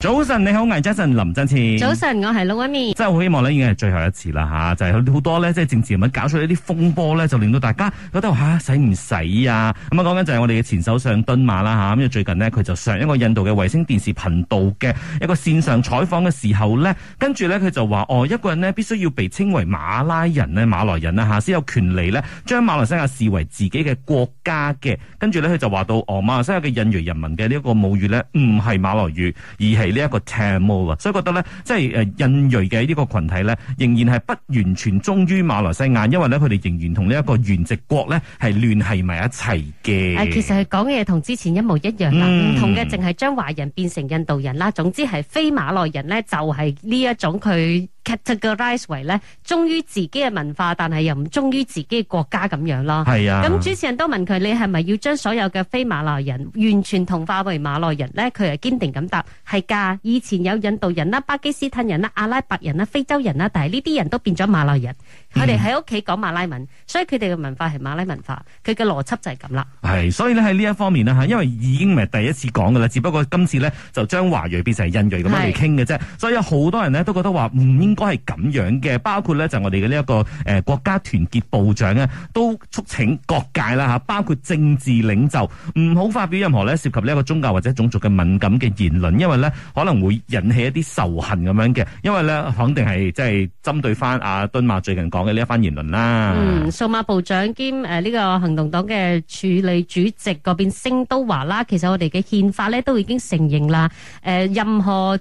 早晨，你好，魏振晨、林振前。早晨，我係老阿咪。真係好希望呢已經係最後一次啦，吓就係、是、好多咧，即係政治人物搞出一啲風波咧，就令到大家覺得吓，使唔使啊？咁啊，講緊就係我哋嘅前首相敦馬啦，吓咁最近咧佢就上一個印度嘅衛星電視頻道嘅一個線上採訪嘅時候咧，跟住咧佢就話哦，一個人咧必須要被稱為馬拉人咧、馬來人啦吓，先有權利咧將馬來西亞視為自己嘅國家嘅。跟住咧佢就話到哦，馬來西亞嘅印裔人民嘅呢一個母語咧，唔係馬來語，而係。呢一個赤毛啊，所以覺得咧，即係誒印裔嘅呢個群體咧，仍然係不完全忠於馬來西亞，因為咧佢哋仍然同呢一個原籍國咧係聯繫埋一齊嘅。誒，其實係講嘅嘢同之前一模一樣啦，唔、嗯、同嘅淨係將華人變成印度人啦。總之係非馬來人咧，就係、是、呢一種佢。Categorise 為咧忠於自己嘅文化，但係又唔忠於自己嘅國家咁樣咯。係啊，咁主持人都問佢你係咪要將所有嘅非馬來人完全同化為馬來人咧？佢係堅定咁答係㗎。以前有印度人啦、巴基斯坦人啦、阿拉伯人啦、非洲人啦，但係呢啲人都變咗馬來人。佢哋喺屋企講馬拉文，嗯、所以佢哋嘅文化係馬拉文化，佢嘅邏輯就係咁啦。係，所以咧喺呢一方面呢，嚇，因為已經唔係第一次講噶啦，只不過今次呢就將華裔變成印裔咁樣嚟傾嘅啫。是所以有好多人呢都覺得話唔應該係咁樣嘅，包括呢就我哋嘅呢一個誒國家團結部長呢都促請各界啦嚇，包括政治領袖唔好發表任何呢涉及呢一個宗教或者種族嘅敏感嘅言論，因為呢可能會引起一啲仇恨咁樣嘅。因為呢肯定係即係針對翻阿敦馬最近講。講嘅呢一番言論啦，嗯，數碼部長兼誒呢、呃這個行動黨嘅署理主席嗰邊星都華啦，其實我哋嘅憲法咧都已經承認啦，誒、呃、任何。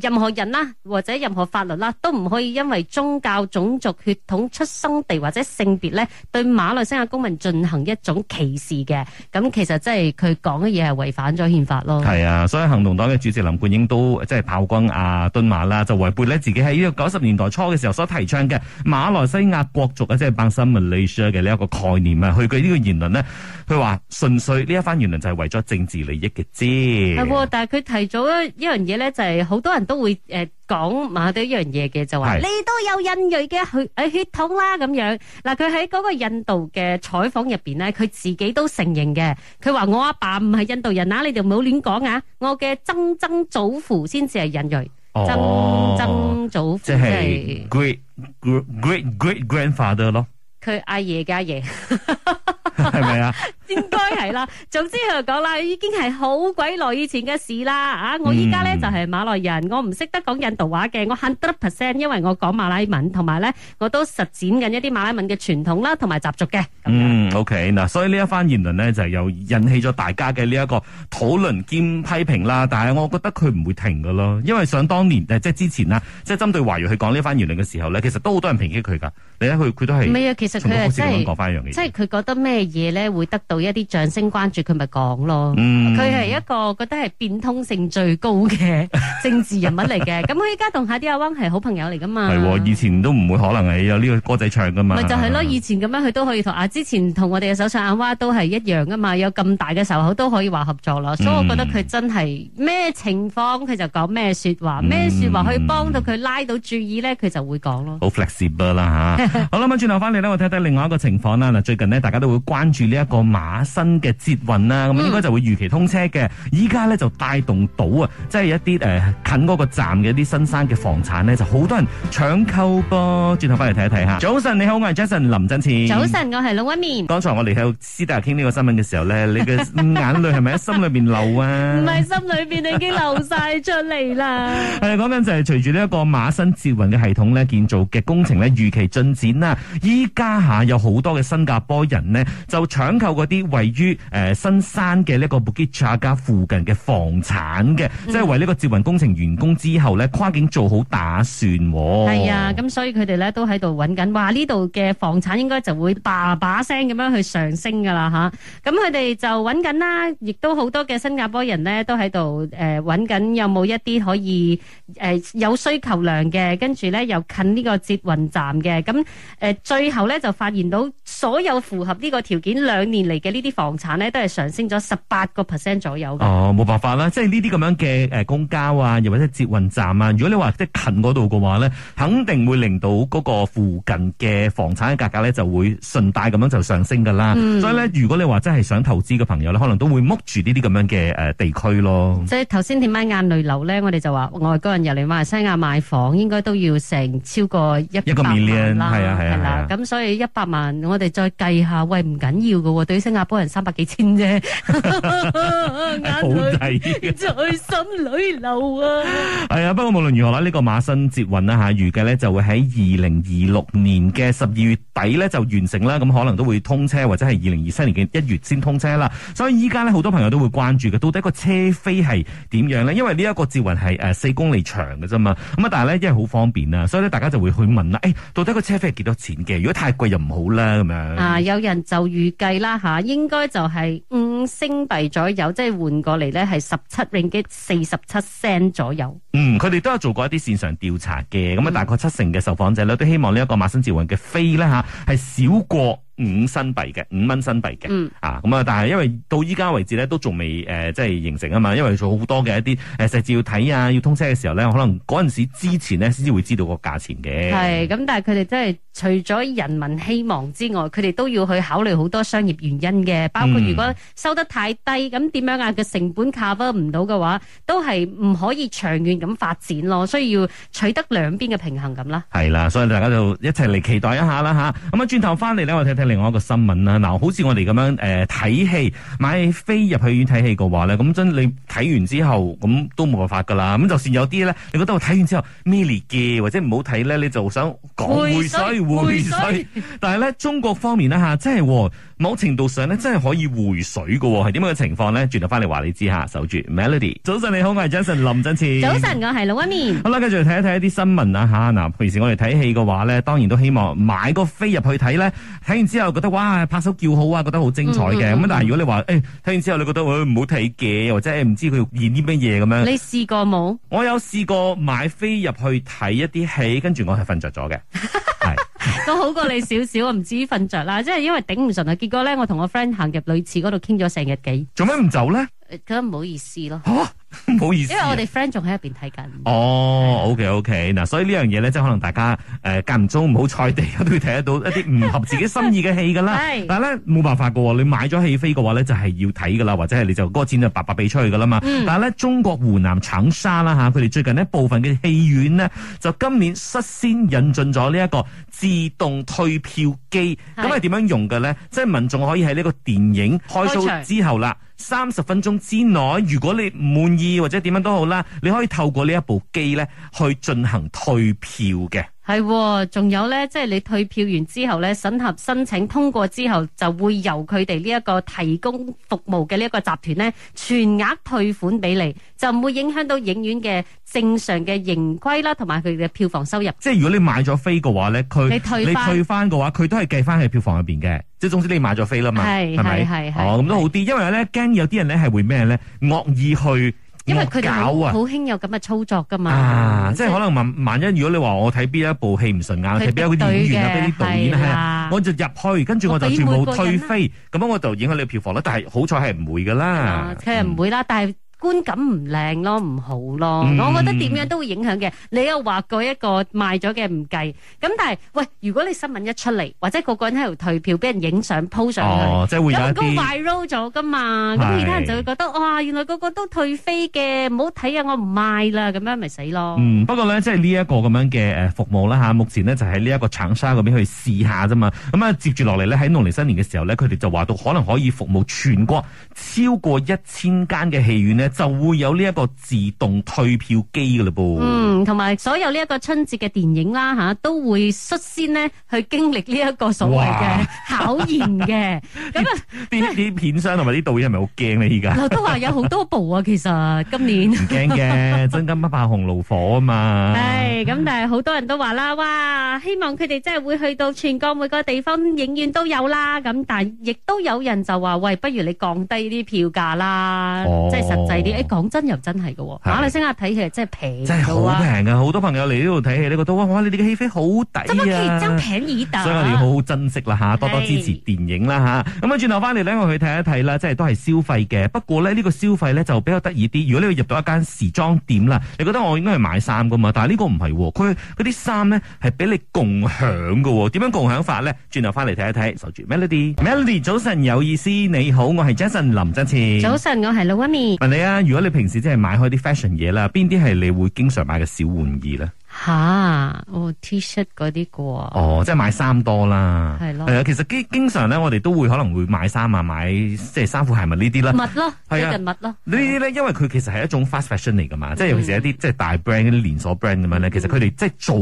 任何人啦，或者任何法律啦，都唔可以因為宗教、種族、血統、出生地或者性別咧，對馬來西亞公民進行一種歧視嘅。咁其實即係佢講嘅嘢係違反咗憲法咯。係啊，所以行動黨嘅主席林冠英都即係炮轟阿敦馬啦，就違背咧自己喺呢個九十年代初嘅時候所提倡嘅馬來西亞國族嘅即係 Bangsa Malaysia 嘅呢一個概念啊。佢佢呢個言論咧，佢話純粹呢一番言論就係為咗政治利益嘅啫。係喎，但係佢提咗一樣嘢咧，就係好多。人都會誒講馬德一樣嘢嘅，就話你都有印裔嘅血血統啦咁樣。嗱,佢喺嗰個印度嘅採訪入邊咧，佢自己都承認嘅。佢話，我阿爸唔係印度人啊，你哋唔好亂講啊。我嘅曾曾祖父先至係印裔，曾曾祖父即係 great great great grandfather 咯。佢阿爺嘅阿爺係咪啊？ 應該係啦，總之佢講啦，已經係好鬼耐以前嘅事啦。啊、嗯，我依家咧就係馬來人，我唔識得講印度話嘅，我喊100 percent 因為我講馬來文，同埋咧我都實踐緊一啲馬來文嘅傳統啦，同埋習俗嘅。嗯，OK，嗱、啊，所以呢一番言論呢就是、又引起咗大家嘅呢一個討論兼批評啦。但係我覺得佢唔會停噶咯，因為想當年，即係之前啦，即係針對華裔去講呢番言論嘅時候呢，其實都好多人抨擊佢噶。你睇佢，佢都係唔係啊？其實佢係即係佢覺得咩嘢咧會得到？一啲掌聲關注佢咪講咯，佢係、嗯、一個覺得係變通性最高嘅政治人物嚟嘅。咁佢依家同下啲阿翁係好朋友嚟噶嘛？係、哦，以前都唔會可能係有呢個歌仔唱噶嘛。咪就係咯，嗯、以前咁樣佢都可以同啊，之前同我哋嘅首相阿蛙都係一樣噶嘛。有咁大嘅仇口都可以話合作啦，嗯、所以我覺得佢真係咩情況佢就講咩説話，咩説、嗯、話可以幫到佢拉到注意咧，佢就會講咯。啊啊、 好 flexible 啦吓，好啦，咁轉頭翻嚟咧，我睇睇另外一個情況啦。嗱，最近呢，大家都會關注呢、這、一個。馬新嘅捷運啦，咁應該就會如期通車嘅。依家咧，就帶動到啊，即係一啲誒近嗰個站嘅一啲新山嘅房產咧，就好多人搶購噃。轉頭翻嚟睇一睇吓。早晨，你好，我係 Jason 林振前。早晨，我係老屈棉。剛才我哋喺度私底下傾呢個新聞嘅時候咧，你嘅眼淚係咪喺心裏邊流啊？唔係，心裏邊你已經流晒出嚟啦。係講緊就係隨住呢一個馬新捷運嘅系統咧建造嘅工程咧預期進展啦，依家吓有好多嘅新加坡人咧就搶購嗰啲。位於誒、呃、新山嘅呢個布吉查家附近嘅房產嘅，嗯、即係為呢個捷運工程完工之後咧，跨境做好打算、哦。係啊，咁所以佢哋咧都喺度揾緊，哇！呢度嘅房產應該就會叭叭聲咁樣去上升噶啦吓。咁佢哋就揾緊啦，亦都好多嘅新加坡人咧都喺度誒揾緊有冇一啲可以誒、呃、有需求量嘅，跟住咧又近呢個捷運站嘅。咁誒、呃、最後咧就發現到所有符合呢個條件兩年嚟。嘅呢啲房產咧，都係上升咗十八個 percent 左右。哦，冇辦法啦，即係呢啲咁樣嘅誒公交啊，又或者捷運站啊，如果你話即係近嗰度嘅話咧，肯定會令到嗰個附近嘅房產嘅價格咧就會順帶咁樣就上升噶啦。嗯、所以咧，如果你話真係想投資嘅朋友咧，可能都會剝住呢啲咁樣嘅誒地區咯。即係頭先點解眼淚流咧？我哋就話外國人入嚟馬來西亞買房，應該都要成超過一百萬啦。係啊係啊，咁、啊啊啊、所以一百萬我哋再計下，喂唔緊要嘅喎，對亞波人三百幾千啫，好抵，在心裏流啊！係啊，不過無論如何啦，呢、這個馬新捷運啦吓，預計咧就會喺二零二六年嘅十二月底咧就完成啦，咁可能都會通車，或者係二零二七年嘅一月先通車啦。所以依家咧好多朋友都會關注嘅，到底個車飛係點樣呢？因為呢一個捷運係誒四公里長嘅啫嘛，咁啊，但係呢，因為好方便啊，所以咧大家就會去問啦。誒、哎，到底個車費係幾多錢嘅？如果太貴又唔好啦，咁樣啊，有人就預計啦吓。啊應該就係五星幣左右，即係換過嚟咧，係十七令吉四十七 cent 左右。嗯，佢哋都有做過一啲線上調查嘅，咁啊、嗯，大概七成嘅受訪者咧，都希望呢一個馬新捷運嘅飛咧吓，係少過五新幣嘅，五蚊新幣嘅。嗯啊，咁啊，但係因為到依家為止咧，都仲未誒，即係形成啊嘛，因為做好多嘅一啲誒，細節要睇啊，要通車嘅時候咧，可能嗰陣時之前咧，先至會知道個價錢嘅。係咁，但係佢哋真係。除咗人民希望之外，佢哋都要去考慮好多商業原因嘅，包括如果收得太低，咁點、嗯、樣啊？個成本 cover 唔到嘅話，都係唔可以長遠咁發展咯。所以要取得兩邊嘅平衡咁啦。係啦，所以大家就一齊嚟期待一下啦吓。咁啊，轉頭翻嚟咧，我睇睇另外一個新聞啦。嗱、啊，好似我哋咁樣誒，睇、呃、戲，買飛入去院睇戲嘅話咧，咁真你睇完之後咁都冇辦法噶啦。咁就算有啲咧，你覺得我睇完之後咩嘢，嘅，或者唔好睇咧，你就想講會回水，回水。但係咧，中國方面咧吓，真係某程度上咧真係可以回水噶係點樣嘅情況咧？轉頭翻嚟，話你知吓。守住 Melody 早晨你好，我係 Jason 林振詞。早晨，我係老、um e、一面。好、啊、啦，跟住睇一睇一啲新聞啊吓。嗱，平時我哋睇戲嘅話咧，當然都希望買個飛入去睇咧，睇完之後覺得哇，拍手叫好啊，覺得好精彩嘅。咁、嗯嗯嗯、但係如果你話誒睇完之後你覺得唔好睇嘅，或者唔知佢演啲乜嘢咁樣，你試過冇？我有試過買飛入去睇一啲戲，跟住我係瞓着咗嘅。 都好過你少少啊，唔 至於瞓着啦，即係因為頂唔順啊。結果咧，我同我 friend 行入女廁嗰度傾咗成日幾。做咩唔走咧？覺得唔好意思咯。啊唔 好意思、啊，因為我哋 friend 仲喺入邊睇緊。哦，OK，OK，嗱，所以呢樣嘢咧，即係可能大家誒間唔中唔好彩地都會睇得到一啲唔合自己心意嘅戲噶啦。 是但係咧冇辦法噶，你買咗戲飛嘅話咧，就係、是、要睇噶啦，或者係你就嗰、那個錢就白白俾出去噶啦嘛。嗯、但係咧，中國湖南長沙啦吓，佢、啊、哋最近呢部分嘅戲院咧，就今年率先引進咗呢一個自動退票機。咁係點樣用嘅咧？即係民眾可以喺呢個電影開 show，開場 之後啦，三十分鐘之內，如果你唔滿意。或者點樣都好啦，你可以透過呢一部機咧去進行退票嘅。係，仲有咧，即係你退票完之後咧，審核申請通過之後，就會由佢哋呢一個提供服務嘅呢一個集團咧，全額退款俾你，就唔會影響到影院嘅正常嘅盈虧啦，同埋佢嘅票房收入。即係如果你買咗飛嘅話咧，佢你退你退翻嘅話，佢都係計翻喺票房入邊嘅。即係總之你買咗飛啦嘛，係咪是？係係哦，咁都好啲，是因為咧驚有啲人咧係會咩咧惡意去。因為佢哋好興有咁嘅操作噶嘛，啊就是、即係可能萬萬一如果你話我睇邊一部戲唔順眼，睇邊啲演員啊，邊啲導演啊，的的我就入去，跟住我就全部退飛，咁樣我就影響你嘅票房啦。但係好彩係唔會噶啦，佢係唔會啦，嗯、但係。觀感唔靚咯，唔好咯，嗯、我覺得點樣都會影響嘅。你又話過一個賣咗嘅唔計，咁但係喂，如果你新聞一出嚟，或者個個人喺度退票，俾人影相 po 上去，哦、即會有就高人。viral 咗噶嘛，咁是其他人就會覺得哇、哦，原來個個都退飛嘅，唔好睇啊，我唔賣啦，咁樣咪死咯。嗯、不過咧，即係呢一個咁樣嘅誒服務啦吓，目前呢，就喺呢一個長沙嗰邊去試下啫嘛。咁、嗯、啊，接住落嚟咧，喺農曆新年嘅時候咧，佢哋就話到可能可以服務全國超過一千間嘅戲院呢。就會有呢一個自動退票機噶嘞噃，嗯，同埋所有呢一個春節嘅電影啦吓、啊，都會率先呢去經歷呢一個所謂嘅考驗嘅。咁啊，啲啲片商同埋啲導演係咪好驚呢？而家劉德華有好多部啊， 其實今年唔驚嘅， 真金不怕紅爐火啊嘛。係，咁但係好多人都話啦，哇，希望佢哋真係會去到全國每個地方影院都有啦。咁但亦都有人就話，喂，不如你降低啲票價啦，哦、即係實際。誒講真又真係嘅喎，馬來西亞睇戲真係平，真係好平嘅，好多朋友嚟呢度睇戲你覺得：哇「哇你哋嘅戲飛好抵啊！真係張平耳凳，所以我哋要好好珍惜啦嚇，多多支持電影啦嚇。咁是啊轉頭翻嚟咧，我去睇一睇啦，即係都係消費嘅。不過咧呢個消費咧就比較得意啲。如果你要入到一間時裝店啦，你覺得我應該係買衫嘅嘛？但係呢個唔係喎，佢啲衫咧係俾你共享嘅喎。點樣共享法咧？轉頭翻嚟睇一睇。守住 Melody，Melody 早晨有意思，你好，我係 Jason 林振前。早晨，我係老媽咪。問你。如果你平時真係買開啲 fashion 嘢啦，邊啲係你會經常買嘅小玩意咧？吓，哦，T-shirt 嗰啲過，哦，T、哦即係買衫多啦，係咯的，係啊，其實經經常咧，我哋都會可能會買衫啊，買即係衫褲鞋襪呢啲啦，物咯，係啊的，物咯，呢啲咧，因為佢其實係一種 fast fashion 嚟噶嘛，即係、嗯、尤其是一啲即係大 brand 啲連鎖 brand 咁樣咧，嗯、其實佢哋即係做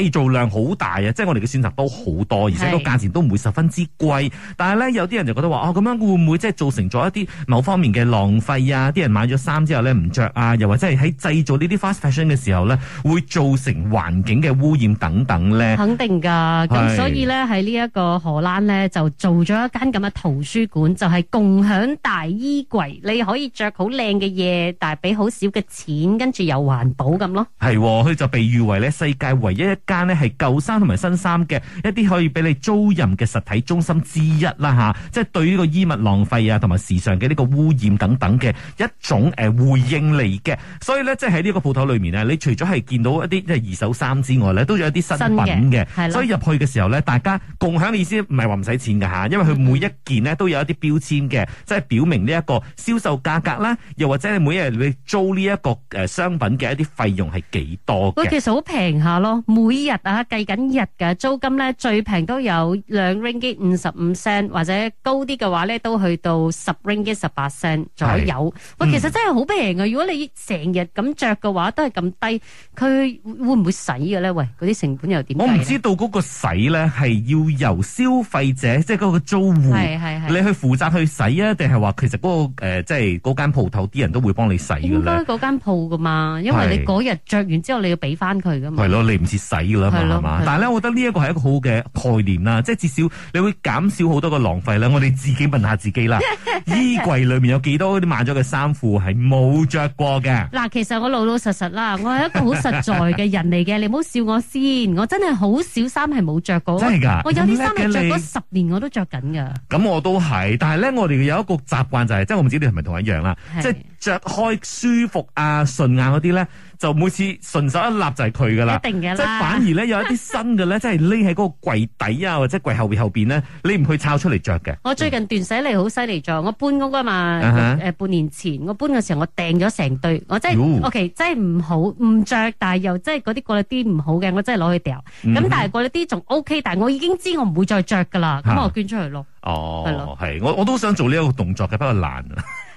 製造量好大啊，即係我哋嘅選擇都好多，而且個價錢都唔會十分之貴，但係咧有啲人就覺得話，哦，咁樣會唔會即係造成咗一啲某方面嘅浪費啊？啲人買咗衫之後咧唔着啊，又或者係喺製造呢啲 fast fashion 嘅時候咧會造成。環境嘅污染等等咧，肯定噶。咁所以咧，喺呢一個荷蘭咧，就做咗一間咁嘅圖書館，就係共享大衣櫃，你可以着好靚嘅嘢，但係俾好少嘅錢，跟住又環保咁咯。係喎，佢就被譽為咧世界唯一一間咧係舊衫同埋新衫嘅一啲可以俾你租賃嘅實體中心之一啦吓。即係對呢個衣物浪費啊，同埋時尚嘅呢個污染等等嘅一種誒回應嚟嘅。所以咧，即係喺呢個鋪頭裏面啊，你除咗係見到一啲。二手衫之外咧，都有一啲新品嘅，所以入去嘅時候咧，大家共享嘅意思唔係話唔使錢㗎吓，因為佢每一件咧都有一啲標籤嘅，即係表明呢一個銷售價格啦，又或者你每日你租呢一個誒商品嘅一啲費用係幾多嘅。喂，其實好平下咯，每日啊計緊日嘅租金咧，最平都有兩 ringgit 五十五 cent，或者高啲嘅話咧都去到十 ringgit 十八 cent 左右。喂，其實真係好平啊！如果你成日咁著嘅話，都係咁低，佢。會唔會洗嘅咧？喂，嗰啲成本又點？我唔知道嗰個洗咧，係要由消費者，即係嗰個租戶，你去負責去洗啊？定係話其實嗰、嗰個誒，即、呃、係、即係、間鋪頭啲人都會幫你洗嘅咧。應該嗰間鋪噶嘛，因為你嗰日着完之後是你要俾翻佢噶嘛。係咯，你唔使洗噶啦嘛嘛。但係咧，我覺得呢一個係一個好嘅概念啦，即係至少你會減少好多嘅浪費啦。我哋自己問下自己啦， 衣櫃裏面有幾多啲買咗嘅衫褲係冇着過嘅？嗱，其實我老老實實啦，我係一個好實在嘅 人嚟嘅，你唔好笑我先，我真係好少衫係冇著過，真係噶，我有啲衫係著咗十年我都著緊噶。咁我都係，但係咧，我哋有一個習慣就係、是，即係，我唔知你係咪同我一樣啦，的即係。着開舒服啊順眼嗰啲咧，就每次順手一揦就係佢噶啦，一定嘅啦，即係反而咧有一啲新嘅咧，即係匿喺嗰個櫃底啊，或者櫃後邊後邊咧，你唔去抄出嚟着嘅。我最近斷捨離，好犀利，着我搬屋啊嘛，誒、uh huh. 呃，半年前我搬嘅時候我掟咗成堆，我真係、uh huh. OK，真係唔好唔着，但係又即係嗰啲過咗啲唔好嘅，我真係攞去掉。咁、uh huh. 但係過咗啲仲 OK，但係我已經知我唔會再着噶啦，咁我捐出去咯。哦、uh，係、huh. 的我我都想做呢一個動作嘅，不過 難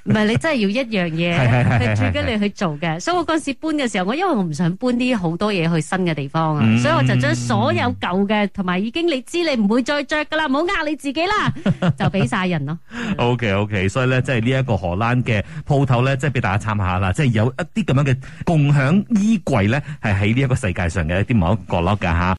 唔係 你真係要一樣嘢，係住緊你去做嘅，是是是是所以我嗰時搬嘅時候，我因為我唔想搬啲好多嘢去新嘅地方啊，嗯、所以我就將所有舊嘅同埋已經你知你唔會再着噶啦，唔好呃你自己啦，就俾晒人咯。 了 OK OK，所以咧即係呢一個荷蘭嘅鋪頭咧，即係俾大家參考啦，即係有一啲咁樣嘅共享衣櫃咧，係喺呢一個世界上嘅一啲某一角落噶吓。